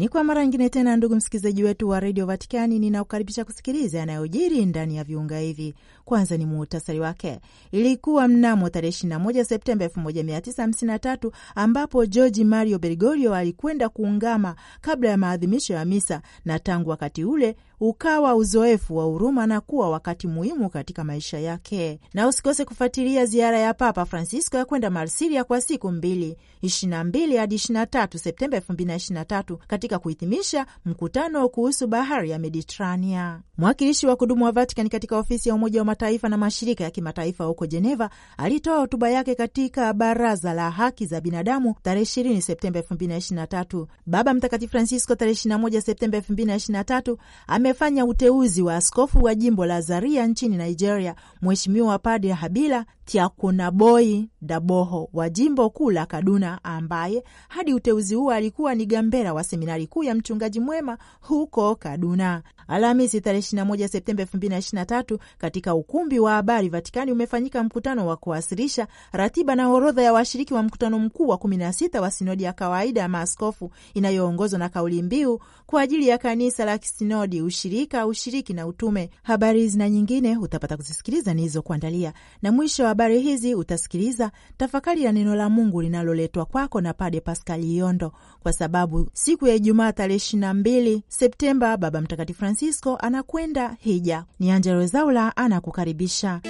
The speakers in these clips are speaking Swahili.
Ni kwa mara nyingine tena, ndugu msikilizaji wetu wa redio Vatikani, ninakukaribisha kusikiliza yanayojiri ndani ya viunga hivi. Kwanza ni muhtasari wake. Ilikuwa mnamo tarehe 21 Septemba 1953 ambapo georgi Mario Bergoglio alikwenda kuungama kabla ya maadhimisho ya misa, na tangu wakati ule ukawa uzoefu wa huruma na kuwa wakati muhimu katika maisha yake. Na usikose kufuatilia ziara ya Papa Francisco ya kwenda Marsilia kwa siku mbili, 22 hadi 23 Septemba 2023 katika kuhitimisha mkutano kuhusu bahari ya Mediterania. Mwakilishi wa kudumu wa Vatican katika ofisi ya Umoja wa Mataifa na mashirika ya kimataifa huko Jeneva alitoa hotuba yake katika Baraza la Haki za Binadamu tarehe 20 Septemba 2023. Baba Mtakatifu Francisco tarehe 21 Septemba 2023 ame amefanya uteuzi wa askofu wa jimbo la Zaria nchini Nigeria, Mheshimiwa Padre Habila ya Kunaboi Daboho wa jimbo kuu la Kaduna, ambaye hadi uteuzi huo alikuwa ni gambera wa seminari kuu ya mchungaji mwema huko Kaduna. Alhamisi tarehe 21 Septemba 2023 katika ukumbi wa habari Vatikani umefanyika mkutano wa kuwasilisha ratiba na orodha ya washiriki wa mkutano mkuu wa 16 wa sinodi ya kawaida ya maaskofu inayoongozwa na kauli mbiu kwa ajili ya kanisa la kisinodi, ushirika, ushiriki na utume. Habari hizi na nyingine utapata kuzisikiliza nilizokuandalia na mwisho wa habari hizi utasikiliza tafakari ya neno la Mungu linaloletwa kwako na Pade Paskali Yondo, kwa sababu siku ya Ijumaa tarehe 22 Septemba Baba Mtakatifu Francisco anakwenda hija. Ni Angella Rwezaula anakukaribisha.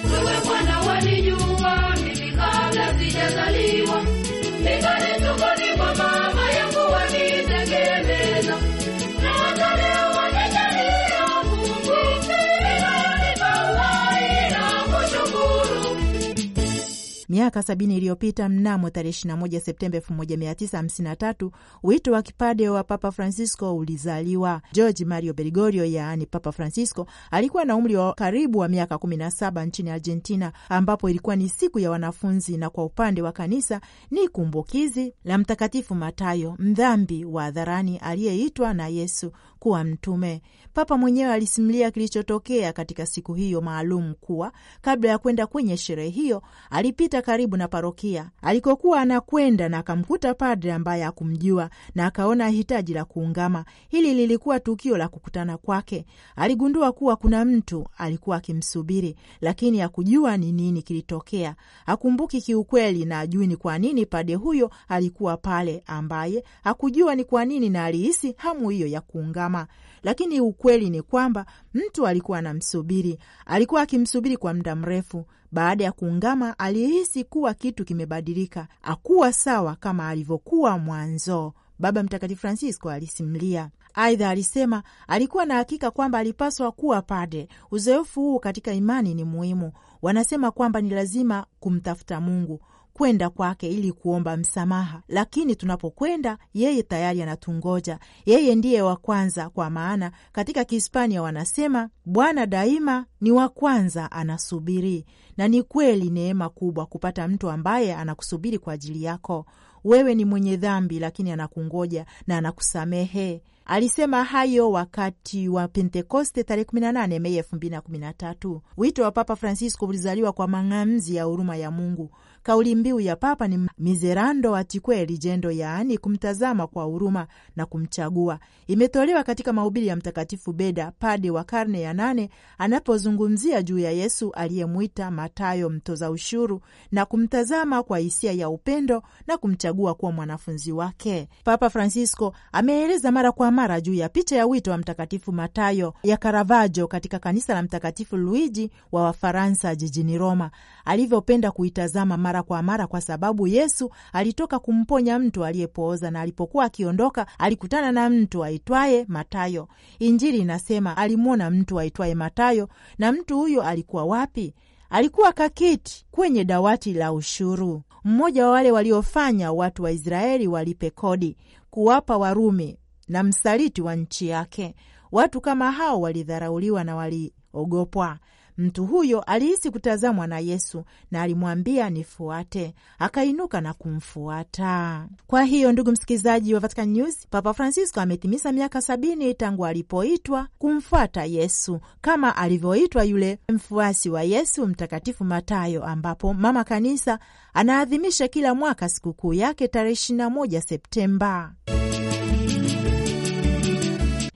Miaka sabini iliyopita mnamo tarehe 21 Septemba 1953 wito wa kipade wa Papa Francisco ulizaliwa. George Mario Bergoglio, yaani Papa Francisco, alikuwa na umri wa karibu wa miaka 17 nchini Argentina, ambapo ilikuwa ni siku ya wanafunzi, na kwa upande wa kanisa ni kumbukizi la Mtakatifu Matayo, mdhambi wa hadharani aliyeitwa na Yesu kuwa mtume. Papa mwenyewe alisimulia kilichotokea katika siku hiyo maalum, kuwa kabla ya kwenda kwenye sherehe hiyo alipita karibu na parokia alikokuwa anakwenda na akamkuta padre ambaye hakumjua na akaona hitaji la kuungama. Hili lilikuwa tukio la kukutana kwake. Aligundua kuwa kuna mtu alikuwa akimsubiri, lakini hakujua ni nini kilitokea. Akumbuki kiukweli na ajui ni kwa nini pade huyo alikuwa pale, ambaye hakujua ni kwa nini na alihisi hamu hiyo ya kuungama mama, lakini ukweli ni kwamba mtu alikuwa anamsubiri, alikuwa akimsubiri kwa muda mrefu. Baada ya kuungama, alihisi kuwa kitu kimebadilika, akuwa sawa kama alivyokuwa mwanzo. Baba Mtakatifu Francisco alisimulia. Aidha, alisema alikuwa na hakika kwamba alipaswa kuwa pade. Uzoefu huu katika imani ni muhimu. Wanasema kwamba ni lazima kumtafuta Mungu kwenda kwake ili kuomba msamaha, lakini tunapokwenda yeye tayari anatungoja. Yeye ndiye wa kwanza, kwa maana katika Kihispania wanasema Bwana daima ni wa kwanza, anasubiri. Na ni kweli neema kubwa kupata mtu ambaye anakusubiri kwa ajili yako. Wewe ni mwenye dhambi, lakini anakungoja na anakusamehe. Alisema hayo wakati wa Pentekoste tarehe 18 Mei 2013. Wito wa Papa Francisco ulizaliwa kwa mang'amzi ya huruma ya Mungu Kauli mbiu ya Papa ni miserando atque eligendo, yaani kumtazama kwa huruma na kumchagua. Imetolewa katika mahubiri ya Mtakatifu Beda, pade wa karne ya nane, anapozungumzia juu ya Yesu aliyemwita Matayo mtoza ushuru na kumtazama kwa hisia ya upendo na kumchagua kuwa mwanafunzi wake. Papa Francisco ameeleza mara kwa mara juu ya picha ya wito wa Mtakatifu Matayo ya Karavajo katika kanisa la Mtakatifu Luigi wa Wafaransa jijini Roma, alivyopenda kuitazama mara kwa mara, kwa sababu Yesu alitoka kumponya mtu aliyepooza, na alipokuwa akiondoka alikutana na mtu aitwaye Matayo. Injili inasema alimwona mtu aitwaye Matayo. Na mtu huyo alikuwa wapi? Alikuwa kakiti kwenye dawati la ushuru, mmoja wa wale waliofanya watu wa Israeli walipe kodi, kuwapa Warumi na msaliti wa nchi yake. Watu kama hao walidharauliwa na waliogopwa. Mtu huyo alihisi kutazamwa na Yesu na alimwambia, nifuate. Akainuka na kumfuata. Kwa hiyo, ndugu msikilizaji wa Vatican News, Papa Francisco ametimiza miaka sabini tangu alipoitwa kumfuata Yesu kama alivyoitwa yule mfuasi wa Yesu Mtakatifu Matayo, ambapo Mama Kanisa anaadhimisha kila mwaka sikukuu yake tarehe 21 Septemba.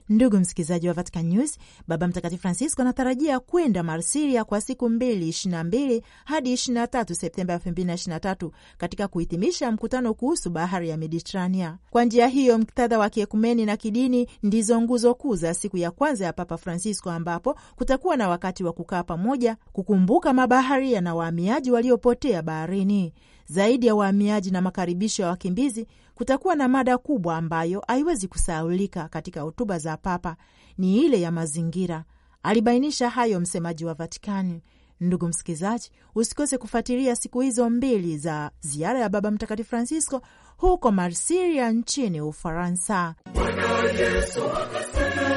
Ndugu msikilizaji wa Vatican News, Baba Mtakatifu Francisco anatarajia kwenda Marsiria kwa siku mbili, 22 hadi 23 Septemba 2023 katika kuhitimisha mkutano kuhusu bahari ya Mediterania. Kwa njia hiyo, mktadha wa kiekumeni na kidini ndizo nguzo kuu za siku ya kwanza ya Papa Francisco, ambapo kutakuwa na wakati wa kukaa pamoja kukumbuka mabaharia na wahamiaji waliopotea baharini zaidi ya wahamiaji na makaribisho ya wakimbizi kutakuwa na mada kubwa ambayo haiwezi kusahaulika katika hotuba za Papa, ni ile ya mazingira. Alibainisha hayo msemaji wa Vatikani. Ndugu msikilizaji, usikose kufuatilia siku hizo mbili za ziara ya Baba Mtakatifu Francisco huko Marsiria nchini Ufaransa. Bwana Yesu akasema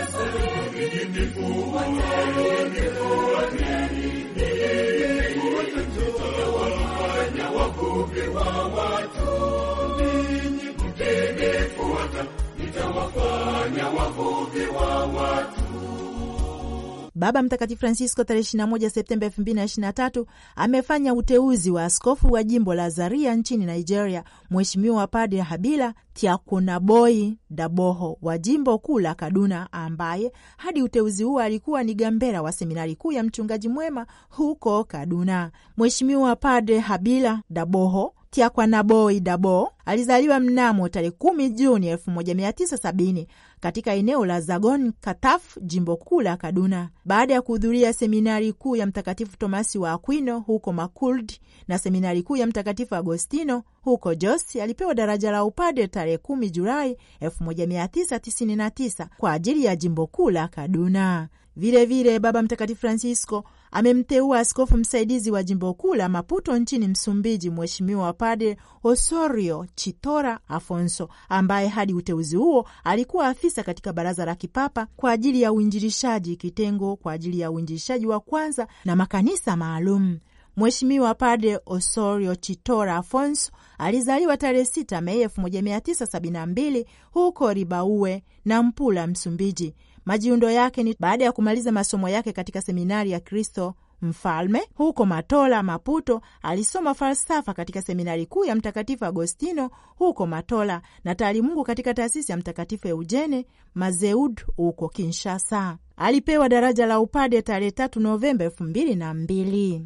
Baba Mtakatifu Francisco tarehe 21 Septemba 2023 amefanya uteuzi wa askofu wa jimbo la Zaria nchini Nigeria, Mheshimiwa Padre Habila Tiakunaboi Daboho wa jimbo kuu la Kaduna, ambaye hadi uteuzi huo alikuwa ni gambera wa seminari kuu ya mchungaji mwema huko Kaduna. Mheshimiwa Padre Habila Daboho Tiakwanaboi Dabo alizaliwa mnamo tarehe 10 Juni 1970 katika eneo la Zagon Kataf, jimbo kuu la Kaduna. Baada ya kuhudhuria seminari kuu ya Mtakatifu Tomasi wa Akwino huko Makurdi na seminari kuu ya Mtakatifu Agostino huko Jos, alipewa daraja la upadre tarehe 10 Julai 1999 kwa ajili ya jimbo kuu la Kaduna. Vilevile vile, Baba Mtakatifu Francisco amemteua askofu msaidizi wa jimbo kuu la Maputo nchini Msumbiji, Mheshimiwa Padre Osorio Chitora Afonso, ambaye hadi uteuzi huo alikuwa afisa katika Baraza la Kipapa kwa ajili ya Uinjilishaji, kitengo kwa ajili ya uinjilishaji wa kwanza na makanisa maalum. Mheshimiwa Padre Osorio Chitora Afonso alizaliwa tarehe 6 Mei 1972 huko Ribaue na Mpula, Msumbiji, Majiundo yake ni baada ya kumaliza masomo yake katika seminari ya Kristo mfalme huko Matola, Maputo. Alisoma falsafa katika seminari kuu ya Mtakatifu Agostino huko Matola na taalimungu katika taasisi ya Mtakatifu Eugene Mazeud huko Kinshasa. Alipewa daraja la upade tarehe 3 Novemba elfu mbili na mbili.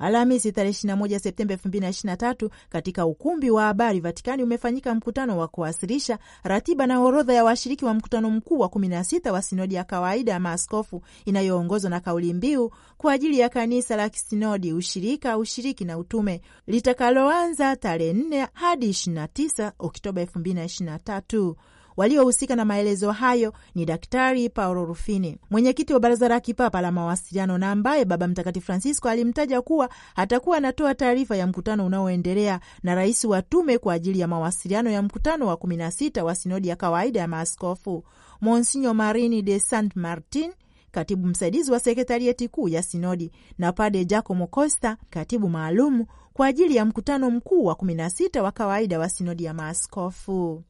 Alhamisi tarehe 21 Septemba 2023 katika ukumbi wa habari Vatikani umefanyika mkutano wa kuwasilisha ratiba na orodha ya washiriki wa mkutano mkuu wa 16 wa sinodi ya kawaida ya maaskofu inayoongozwa na kauli mbiu kwa ajili ya kanisa la kisinodi, ushirika, ushiriki na utume, litakaloanza tarehe 4 hadi 29 Oktoba 2023. Waliohusika na maelezo hayo ni Daktari Paolo Rufini, mwenyekiti wa Baraza la Kipapa la Mawasiliano, na ambaye Baba Mtakatifu Francisco alimtaja kuwa atakuwa anatoa taarifa ya mkutano unaoendelea na rais wa tume kwa ajili ya mawasiliano ya mkutano wa 16 wa sinodi ya kawaida ya maaskofu, Monsinyo Marini de Sant Martin, katibu msaidizi wa sekretarieti kuu ya sinodi na Pade Jacomo Costa, katibu maalum kwa ajili ya mkutano mkuu wa 16 wa kawaida wa sinodi ya maaskofu.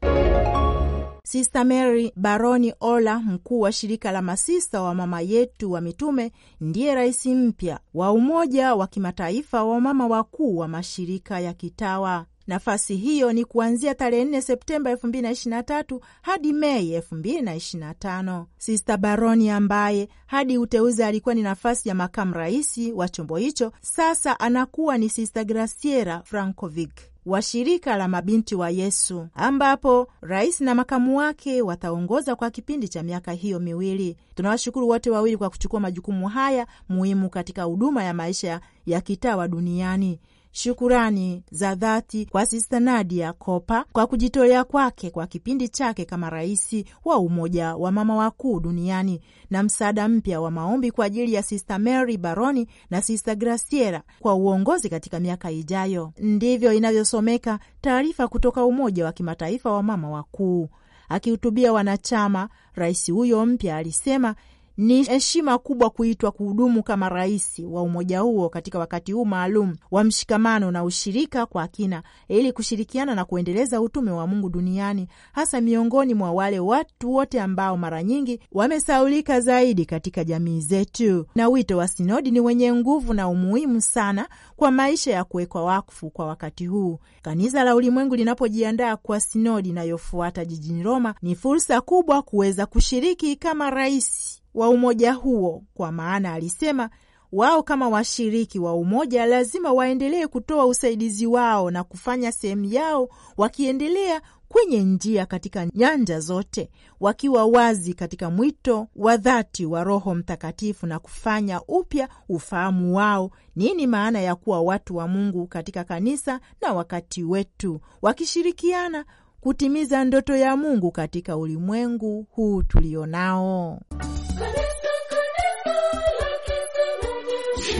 Sista Mary Baroni Ola, mkuu wa shirika la masista wa Mama Yetu wa Mitume, ndiye rais mpya wa Umoja wa Kimataifa wa Mama Wakuu wa Mashirika ya Kitawa. Nafasi hiyo ni kuanzia tarehe 4 Septemba 2023 hadi Mei 2025. Sista Baroni, ambaye hadi uteuzi alikuwa ni nafasi ya makamu rais wa chombo hicho, sasa anakuwa ni Sista Graciela Francovic wa shirika la mabinti wa Yesu, ambapo rais na makamu wake wataongoza kwa kipindi cha miaka hiyo miwili. Tunawashukuru wote wawili kwa kuchukua majukumu haya muhimu katika huduma ya maisha ya kitawa duniani. Shukurani za dhati kwa Sista Nadia Kopa kwa kujitolea kwake kwa kipindi chake kama rais wa Umoja wa Mama Wakuu Duniani, na msaada mpya wa maombi kwa ajili ya Sista Mary Baroni na Sista Graciela kwa uongozi katika miaka ijayo. Ndivyo inavyosomeka taarifa kutoka Umoja wa Kimataifa wa Mama Wakuu. Akihutubia wanachama, rais huyo mpya alisema ni heshima kubwa kuitwa kuhudumu kama rais wa umoja huo katika wakati huu maalum wa mshikamano na ushirika kwa kina, ili kushirikiana na kuendeleza utume wa Mungu duniani, hasa miongoni mwa wale watu wote ambao mara nyingi wamesaulika zaidi katika jamii zetu. Na wito wa sinodi ni wenye nguvu na umuhimu sana kwa maisha ya kuwekwa wakfu kwa wakati huu. Kanisa la ulimwengu linapojiandaa kwa sinodi inayofuata jijini Roma, ni fursa kubwa kuweza kushiriki kama rais wa umoja huo, kwa maana alisema wao kama washiriki wa umoja lazima waendelee kutoa usaidizi wao na kufanya sehemu yao, wakiendelea kwenye njia katika nyanja zote, wakiwa wazi katika mwito wa dhati wa Roho Mtakatifu na kufanya upya ufahamu wao nini maana ya kuwa watu wa Mungu katika kanisa na wakati wetu, wakishirikiana kutimiza ndoto ya Mungu katika ulimwengu huu tulionao.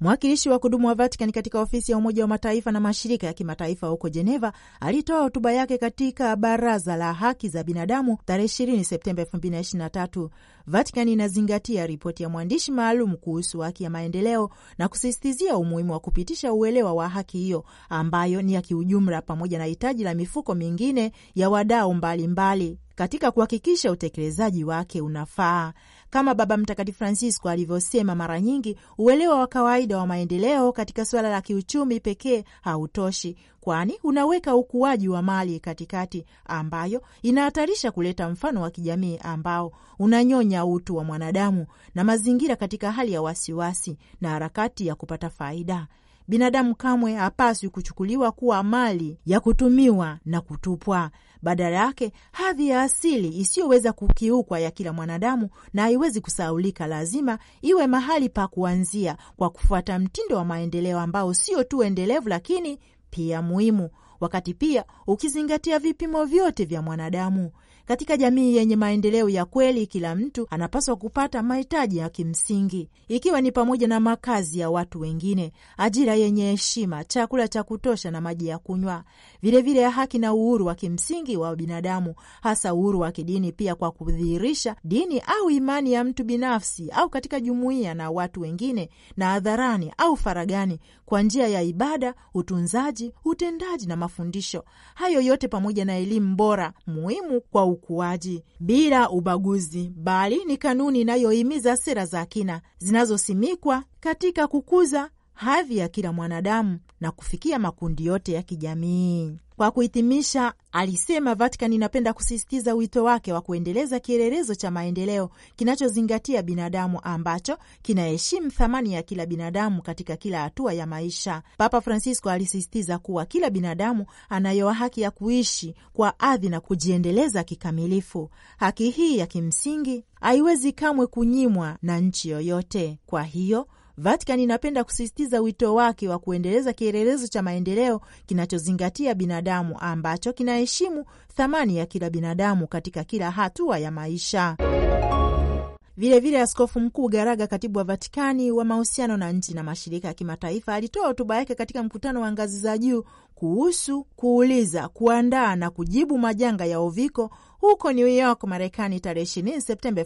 Mwakilishi wa kudumu wa Vatican katika ofisi ya Umoja wa Mataifa na mashirika ya kimataifa huko Jeneva alitoa hotuba yake katika Baraza la Haki za Binadamu tarehe 20 Septemba 2023. Vatican inazingatia ripoti ya mwandishi maalum kuhusu haki ya maendeleo na kusisitizia umuhimu wa kupitisha uelewa wa haki hiyo ambayo ni ya kiujumla, pamoja na hitaji la mifuko mingine ya wadau mbalimbali katika kuhakikisha utekelezaji wake unafaa. Kama Baba Mtakatifu Francisco alivyosema mara nyingi, uelewa wa kawaida wa maendeleo katika suala la kiuchumi pekee hautoshi, kwani unaweka ukuaji wa mali katikati, ambayo inahatarisha kuleta mfano wa kijamii ambao unanyonya utu wa mwanadamu na mazingira katika hali ya wasiwasi na harakati ya kupata faida. Binadamu kamwe hapaswi kuchukuliwa kuwa mali ya kutumiwa na kutupwa. Badala yake, hadhi ya asili isiyoweza kukiukwa ya kila mwanadamu na haiwezi kusahaulika, lazima iwe mahali pa kuanzia kwa kufuata mtindo wa maendeleo ambao sio tu endelevu, lakini pia muhimu, wakati pia ukizingatia vipimo vyote vya mwanadamu. Katika jamii yenye maendeleo ya kweli, kila mtu anapaswa kupata mahitaji ya kimsingi, ikiwa ni pamoja na makazi ya watu wengine, ajira yenye heshima, chakula cha kutosha na maji ya kunywa, vilevile haki na uhuru wa kimsingi wa binadamu, hasa uhuru wa kidini, pia kwa kudhihirisha dini au imani ya mtu binafsi au katika jumuiya na watu wengine, na hadharani au faragani, kwa njia ya ibada, utunzaji, utendaji na mafundisho. Hayo yote pamoja na elimu bora muhimu kwa ukuaji bila ubaguzi, bali ni kanuni inayohimiza sera za kina zinazosimikwa katika kukuza hadhi ya kila mwanadamu na kufikia makundi yote ya kijamii. Kwa kuhitimisha, alisema Vatican inapenda kusisitiza wito wake wa kuendeleza kielelezo cha maendeleo kinachozingatia binadamu ambacho kinaheshimu thamani ya kila binadamu katika kila hatua ya maisha. Papa Francisco alisisitiza kuwa kila binadamu anayo haki ya kuishi kwa adhi na kujiendeleza kikamilifu. Haki hii ya kimsingi haiwezi kamwe kunyimwa na nchi yoyote. Kwa hiyo Vatican inapenda kusisitiza wito wake wa kuendeleza kielelezo cha maendeleo kinachozingatia binadamu ambacho kinaheshimu thamani ya kila binadamu katika kila hatua ya maisha. Vilevile, Askofu Mkuu Garaga, katibu wa Vatikani wa mahusiano na nchi na mashirika ya kimataifa, alitoa hotuba yake katika mkutano wa ngazi za juu kuhusu kuuliza, kuandaa na kujibu majanga ya uviko huko New York, Marekani, tarehe 20 Septemba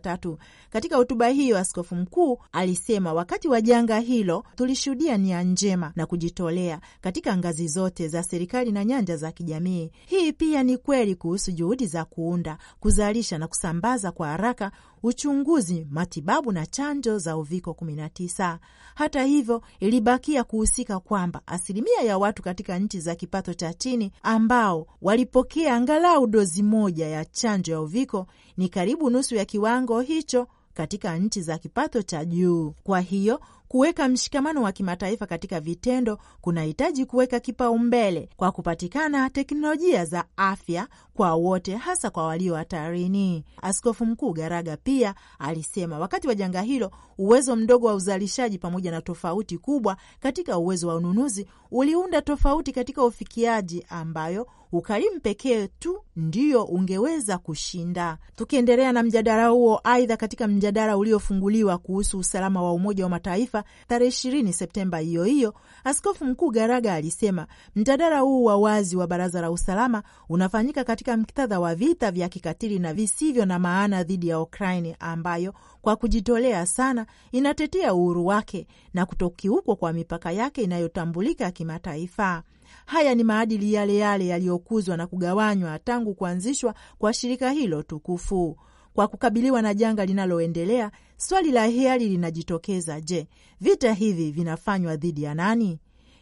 tatu. Katika hotuba hiyo, askofu mkuu alisema wakati wa janga hilo tulishuhudia nia njema na kujitolea katika ngazi zote za serikali na nyanja za kijamii. Hii pia ni kweli kuhusu juhudi za kuunda, kuzalisha na kusambaza kwa haraka uchunguzi, matibabu na chanjo za uviko 19. Hata hivyo, ilibakia kuhusika kwamba asilimia ya watu katika nchi za kipato cha chini ambao walipokea angalau dozi moja ya chanjo ya uviko ni karibu nusu ya kiwango hicho katika nchi za kipato cha juu. Kwa hiyo Kuweka mshikamano wa kimataifa katika vitendo kunahitaji kuweka kipaumbele kwa kupatikana teknolojia za afya kwa wote, hasa kwa walio hatarini. Askofu Mkuu Garaga pia alisema wakati wa janga hilo, uwezo mdogo wa uzalishaji pamoja na tofauti kubwa katika uwezo wa ununuzi uliunda tofauti katika ufikiaji ambayo ukarimu pekee tu ndio ungeweza kushinda. Tukiendelea na mjadala huo, aidha, katika mjadala uliofunguliwa kuhusu usalama wa Umoja wa Mataifa Mataifa tarehe ishirini Septemba hiyo hiyo, Askofu Mkuu Garaga alisema mtadara huu wa wazi wa Baraza la Usalama unafanyika katika muktadha wa vita vya kikatili na visivyo na maana dhidi ya Ukraini ambayo kwa kujitolea sana inatetea uhuru wake na kutokiukwa kwa mipaka yake inayotambulika kimataifa. Haya ni maadili yale yale yaliyokuzwa na kugawanywa tangu kuanzishwa kwa shirika hilo tukufu. Kwa kukabiliwa na janga linaloendelea, swali la hiari linajitokeza: je, vita hivi vinafanywa dhidi ya nani?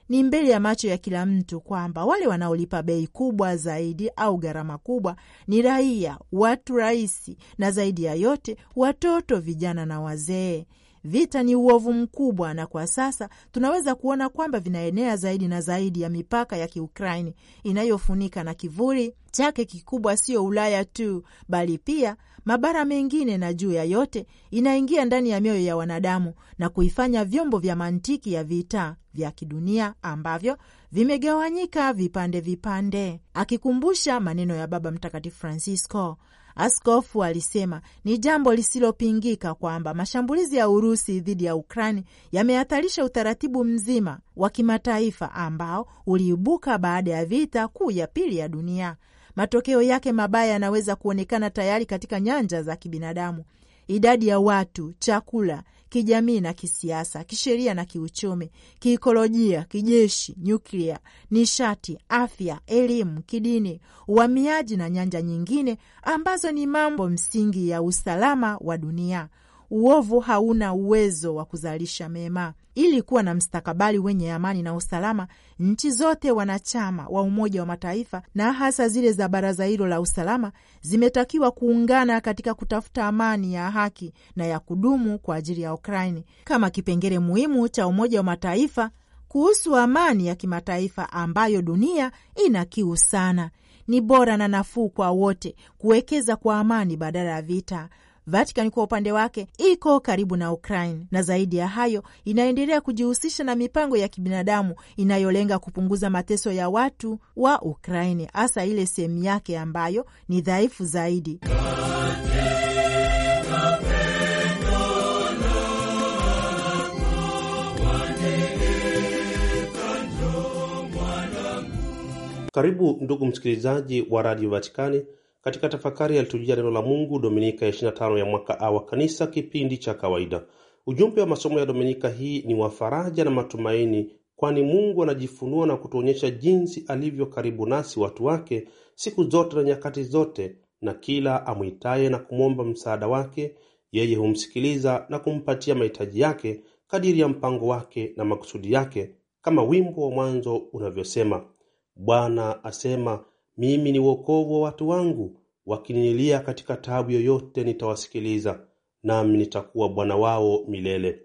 Ni mbele ya macho ya kila mtu kwamba wale wanaolipa bei kubwa zaidi au gharama kubwa ni raia, watu rahisi, na zaidi ya yote watoto, vijana na wazee. Vita ni uovu mkubwa, na kwa sasa tunaweza kuona kwamba vinaenea zaidi na zaidi ya mipaka ya Kiukraini inayofunika na kivuli chake kikubwa, sio Ulaya tu bali pia mabara mengine, na juu ya yote inaingia ndani ya mioyo ya wanadamu na kuifanya vyombo vya mantiki ya vita vya kidunia ambavyo vimegawanyika vipande vipande. Akikumbusha maneno ya Baba Mtakatifu Francisco, askofu alisema ni jambo lisilopingika kwamba mashambulizi ya Urusi dhidi ya Ukraini yamehatarisha utaratibu mzima wa kimataifa ambao uliibuka baada ya vita kuu ya pili ya dunia matokeo yake mabaya yanaweza kuonekana tayari katika nyanja za kibinadamu: idadi ya watu, chakula, kijamii na kisiasa, kisheria na kiuchumi, kiikolojia, kijeshi, nyuklia, nishati, afya, elimu, kidini, uhamiaji na nyanja nyingine ambazo ni mambo msingi ya usalama wa dunia uovu hauna uwezo wa kuzalisha mema. Ili kuwa na mstakabali wenye amani na usalama, nchi zote wanachama wa Umoja wa Mataifa na hasa zile za baraza hilo la usalama zimetakiwa kuungana katika kutafuta amani ya haki na ya kudumu kwa ajili ya Ukraini, kama kipengele muhimu cha Umoja wa Mataifa kuhusu amani ya kimataifa ambayo dunia ina kiu sana. Ni bora na nafuu kwa wote kuwekeza kwa amani badala ya vita. Vatican kwa upande wake iko karibu na Ukraine na zaidi ya hayo inaendelea kujihusisha na mipango ya kibinadamu inayolenga kupunguza mateso ya watu wa Ukraine, hasa ile sehemu yake ambayo ni dhaifu zaidi. Karibu ndugu msikilizaji wa Radio Vatikani katika tafakari yalitujia neno la Mungu Dominika ya 25 ya mwaka A wa Kanisa, kipindi cha kawaida. Ujumbe wa masomo ya Dominika hii ni wa faraja na matumaini, kwani Mungu anajifunua na kutuonyesha jinsi alivyo karibu nasi watu wake siku zote na nyakati zote, na kila amwitaye na kumwomba msaada wake yeye humsikiliza na kumpatia mahitaji yake kadiri ya mpango wake na makusudi yake, kama wimbo wa mwanzo unavyosema: Bwana asema mimi ni wokovu wa watu wangu, wakinilia katika taabu yoyote nitawasikiliza, nami nitakuwa Bwana wao milele.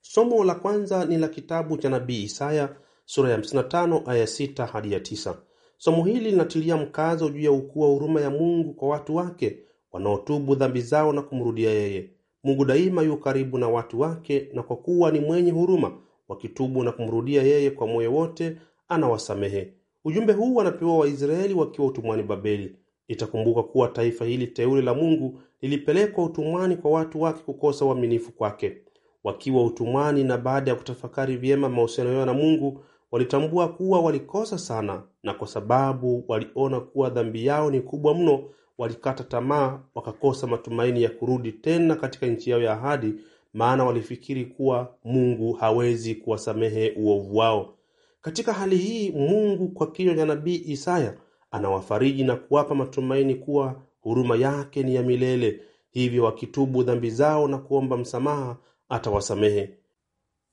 Somo la kwanza ni la kitabu cha nabii Isaya sura ya 55 aya 6 hadi ya 9. Somo hili linatilia mkazo juu ya ukuu wa huruma ya Mungu kwa watu wake wanaotubu dhambi zao na kumrudia yeye. Mungu daima yu karibu na watu wake, na kwa kuwa ni mwenye huruma, wakitubu na kumrudia yeye kwa moyo wote, anawasamehe. Ujumbe huu wanapewa Waisraeli wakiwa utumwani Babeli. Itakumbuka kuwa taifa hili teule la Mungu lilipelekwa utumwani kwa watu wake kukosa uaminifu kwake. Wakiwa utumwani na baada ya kutafakari vyema mahusiano yao na Mungu, walitambua kuwa walikosa sana, na kwa sababu waliona kuwa dhambi yao ni kubwa mno, walikata tamaa, wakakosa matumaini ya kurudi tena katika nchi yao ya ahadi, maana walifikiri kuwa Mungu hawezi kuwasamehe uovu wao. Katika hali hii Mungu kwa kinywa cha nabii Isaya anawafariji na kuwapa matumaini kuwa huruma yake ni ya milele, hivyo wakitubu dhambi zao na kuomba msamaha atawasamehe.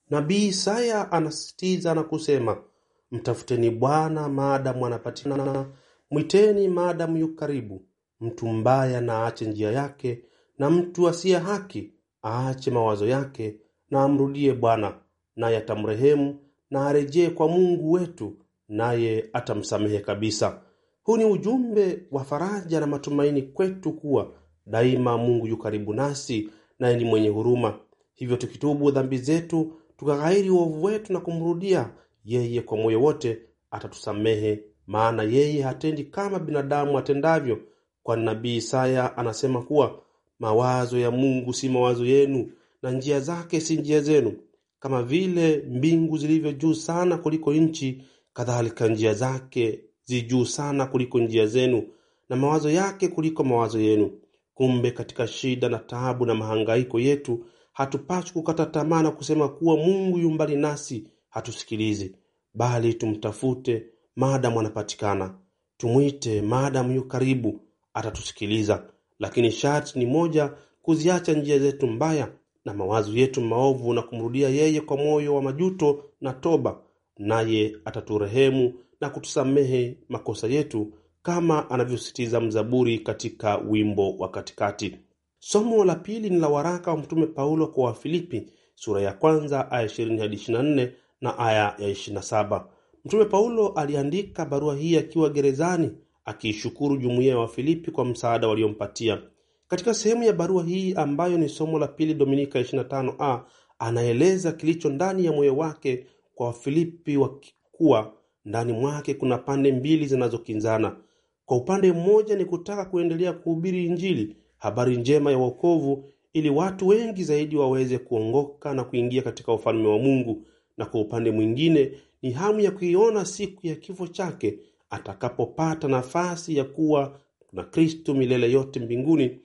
Nabii Isaya anasisitiza na kusema, mtafuteni Bwana maadamu anapatikana, mwiteni maadamu yu karibu. Mtu mbaya na aache njia yake, na mtu asiye haki aache mawazo yake, na amrudie Bwana, naye atamrehemu na arejee kwa Mungu wetu, naye atamsamehe kabisa. Huu ni ujumbe wa faraja na matumaini kwetu kuwa daima Mungu yu karibu nasi, naye ni mwenye huruma. Hivyo tukitubu dhambi zetu, tukaghairi uovu wetu na kumrudia yeye kwa moyo wote, atatusamehe, maana yeye hatendi kama binadamu atendavyo, kwani nabii Isaya anasema kuwa mawazo ya Mungu si mawazo yenu, na njia zake si njia zenu, kama vile mbingu zilivyo juu sana kuliko nchi, kadhalika njia zake zi juu sana kuliko njia zenu, na mawazo yake kuliko mawazo yenu. Kumbe katika shida na taabu na mahangaiko yetu hatupaswi kukata tamaa na kusema kuwa Mungu yumbali nasi hatusikilizi, bali tumtafute maadamu anapatikana, tumwite maadamu yu karibu, atatusikiliza. Lakini sharti ni moja, kuziacha njia zetu mbaya na mawazo yetu maovu na kumrudia yeye kwa moyo wa majuto na toba, naye ataturehemu na kutusamehe makosa yetu kama anavyosisitiza mzaburi katika wimbo wa katikati. Somo la pili ni la waraka wa Mtume Paulo kwa Wafilipi sura ya kwanza aya 20 hadi 24 na aya ya 27. Mtume Paulo aliandika barua hii akiwa gerezani akiishukuru jumuiya ya Wafilipi kwa msaada waliompatia. Katika sehemu ya barua hii ambayo ni somo la pili Dominika 25a anaeleza kilicho ndani ya moyo wake kwa Wafilipi kuwa ndani mwake kuna pande mbili zinazokinzana. Kwa upande mmoja ni kutaka kuendelea kuhubiri Injili, habari njema ya wokovu, ili watu wengi zaidi waweze kuongoka na kuingia katika ufalme wa Mungu, na kwa upande mwingine ni hamu ya kuiona siku ya kifo chake atakapopata nafasi ya kuwa na Kristo milele yote mbinguni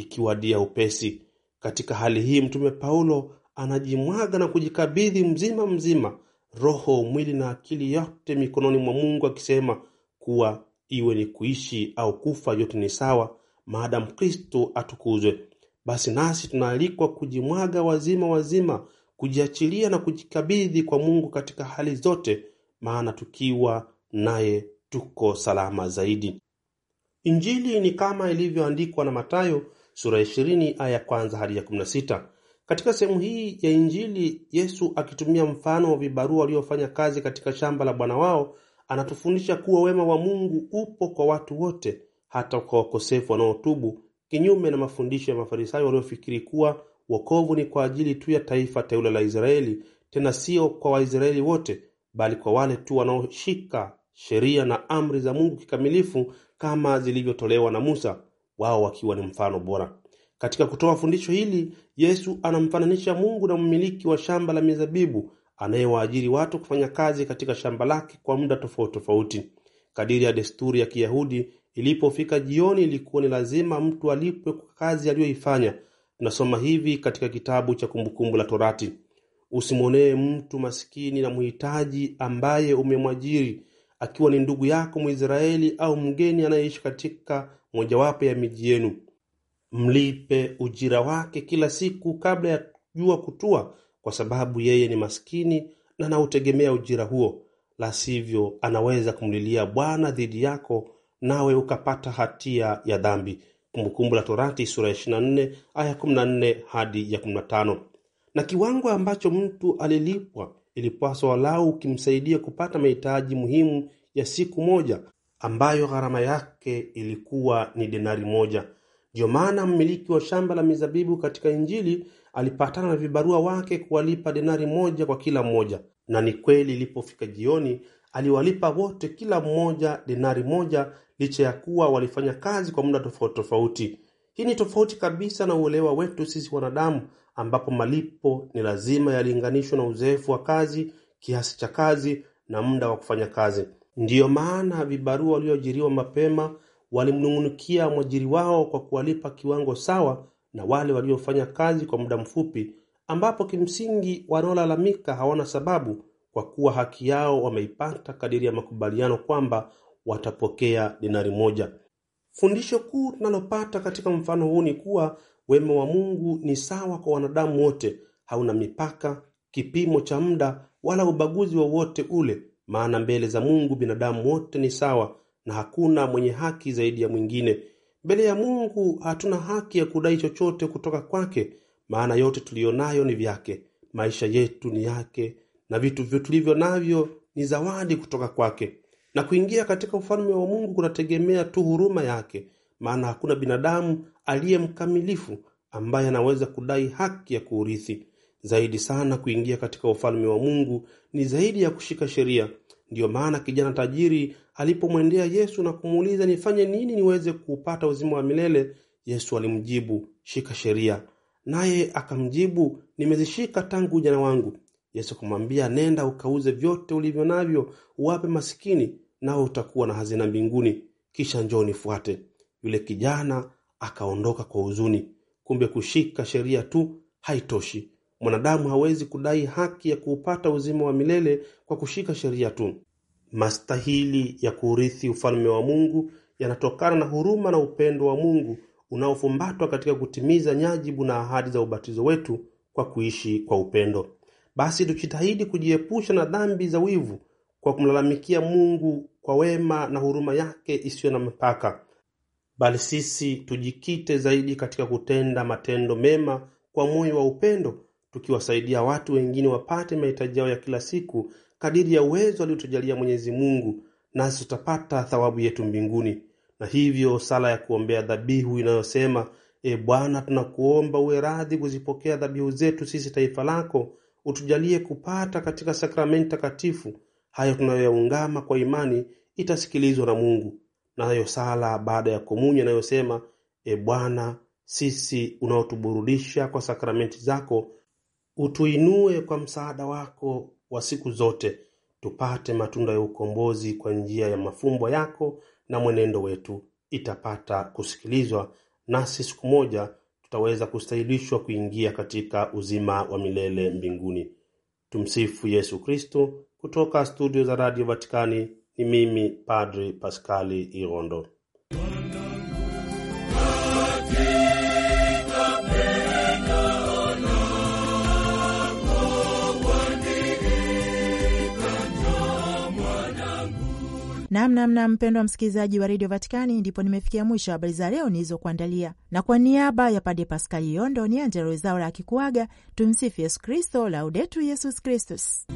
ikiwadia upesi. Katika hali hii Mtume Paulo anajimwaga na kujikabidhi mzima mzima, roho, mwili na akili yote mikononi mwa Mungu, akisema kuwa iwe ni kuishi au kufa, yote ni sawa maadamu Kristo atukuzwe. Basi nasi tunaalikwa kujimwaga wazima wazima, kujiachilia na kujikabidhi kwa Mungu katika hali zote, maana tukiwa naye tuko salama zaidi. Injili ni kama ilivyoandikwa na Mathayo sura 20 aya kwanza hadi ya 16. Katika sehemu hii ya Injili, Yesu akitumia mfano wa vibarua waliofanya kazi katika shamba la bwana wao, anatufundisha kuwa wema wa Mungu upo kwa watu wote, hata kwa wakosefu wanaotubu, kinyume na mafundisho ya Mafarisayo waliofikiri kuwa wokovu ni kwa ajili tu ya taifa teule la Israeli, tena sio kwa Waisraeli wote, bali kwa wale tu wanaoshika sheria na amri za Mungu kikamilifu kama zilivyotolewa na Musa wao wakiwa ni mfano bora. Katika kutoa fundisho hili, Yesu anamfananisha Mungu na mmiliki wa shamba la mizabibu anayewaajiri watu kufanya kazi katika shamba lake kwa muda tofauti tofauti. Kadiri ya desturi ya Kiyahudi, ilipofika jioni, ilikuwa ni lazima mtu alipwe kwa kazi aliyoifanya. Tunasoma hivi katika kitabu cha Kumbukumbu la Torati: usimwonee mtu maskini na mhitaji ambaye umemwajiri, akiwa ni ndugu yako Mwisraeli au mgeni anayeishi katika mojawapo ya miji yenu. Mlipe ujira wake kila siku kabla ya jua kutua, kwa sababu yeye ni maskini na anautegemea ujira huo, la sivyo anaweza kumlilia Bwana dhidi yako, nawe ukapata hatia ya dhambi. Kumbukumbu la Torati sura 24 aya 14 hadi ya 15. Na kiwango ambacho mtu alilipwa ilipaswa walau ukimsaidia kupata mahitaji muhimu ya siku moja ambayo gharama yake ilikuwa ni denari moja. Ndiyo maana mmiliki wa shamba la mizabibu katika Injili alipatana na vibarua wake kuwalipa denari moja kwa kila mmoja, na ni kweli, ilipofika jioni aliwalipa wote kila mmoja denari moja, licha ya kuwa walifanya kazi kwa muda tofauti tofauti. Hii ni tofauti kabisa na uelewa wetu sisi wanadamu ambapo malipo ni lazima yalinganishwe na uzoefu wa kazi, kiasi cha kazi na muda wa kufanya kazi. Ndiyo maana vibarua walioajiriwa mapema walimnung'unikia mwajiri wao kwa kuwalipa kiwango sawa na wale waliofanya kazi kwa muda mfupi, ambapo kimsingi wanaolalamika hawana sababu kwa kuwa haki yao wameipata kadiri ya makubaliano kwamba watapokea dinari moja. Fundisho kuu tunalopata katika mfano huu ni kuwa Wema wa Mungu ni sawa kwa wanadamu wote, hauna mipaka, kipimo cha muda wala ubaguzi wowote ule, maana mbele za Mungu binadamu wote ni sawa na hakuna mwenye haki zaidi ya mwingine. Mbele ya Mungu hatuna haki ya kudai chochote kutoka kwake, maana yote tuliyo nayo ni vyake. Maisha yetu ni yake na vitu vyote tulivyo navyo ni zawadi kutoka kwake, na kuingia katika ufalme wa Mungu kunategemea tu huruma yake maana hakuna binadamu aliye mkamilifu ambaye anaweza kudai haki ya kuurithi. Zaidi sana kuingia katika ufalme wa Mungu ni zaidi ya kushika sheria. Ndiyo maana kijana tajiri alipomwendea Yesu na kumuuliza nifanye nini niweze kuupata uzima wa milele, Yesu alimjibu, shika sheria. Naye akamjibu, nimezishika tangu ujana wangu. Yesu akamwambia, nenda ukauze vyote ulivyo navyo, uwape masikini, nawe utakuwa na hazina mbinguni, kisha njoo nifuate. Yule kijana akaondoka kwa huzuni. Kumbe kushika sheria tu haitoshi. Mwanadamu hawezi kudai haki ya kuupata uzima wa milele kwa kushika sheria tu. Mastahili ya kuurithi ufalme wa Mungu yanatokana na huruma na upendo wa Mungu unaofumbatwa katika kutimiza nyajibu na ahadi za ubatizo wetu kwa kuishi kwa upendo. Basi tujitahidi kujiepusha na dhambi za wivu kwa kumlalamikia Mungu kwa wema na huruma yake isiyo na mipaka bali sisi tujikite zaidi katika kutenda matendo mema kwa moyo wa upendo, tukiwasaidia watu wengine wapate mahitaji yao ya kila siku kadiri ya uwezo aliotujalia Mwenyezi Mungu, nasi tutapata thawabu yetu mbinguni. Na hivyo sala ya kuombea dhabihu inayosema: E Bwana, tunakuomba uwe radhi kuzipokea dhabihu zetu sisi taifa lako, utujalie kupata katika sakramenti takatifu hayo tunayoyaungama kwa imani, itasikilizwa na Mungu nayo sala baada ya komunyo inayosema E Bwana, sisi unaotuburudisha kwa sakramenti zako, utuinue kwa msaada wako wa siku zote, tupate matunda ya ukombozi kwa njia ya mafumbo yako na mwenendo wetu itapata kusikilizwa, nasi siku moja tutaweza kustahilishwa kuingia katika uzima wa milele mbinguni. Tumsifu Yesu Kristo. Kutoka studio za Radio Vatikani ni mimi Padri Paskali Irondo. Namnamna wa msikilizaji wa redio Vatikani, ndipo nimefikia mwisho habari za leo nilizokuandalia, na kwa niaba ya Pade Paskali Yondo ni Anjelo la akikuaga. Tumsifu Yesu Kristo, Laudetu Yesus Kristus.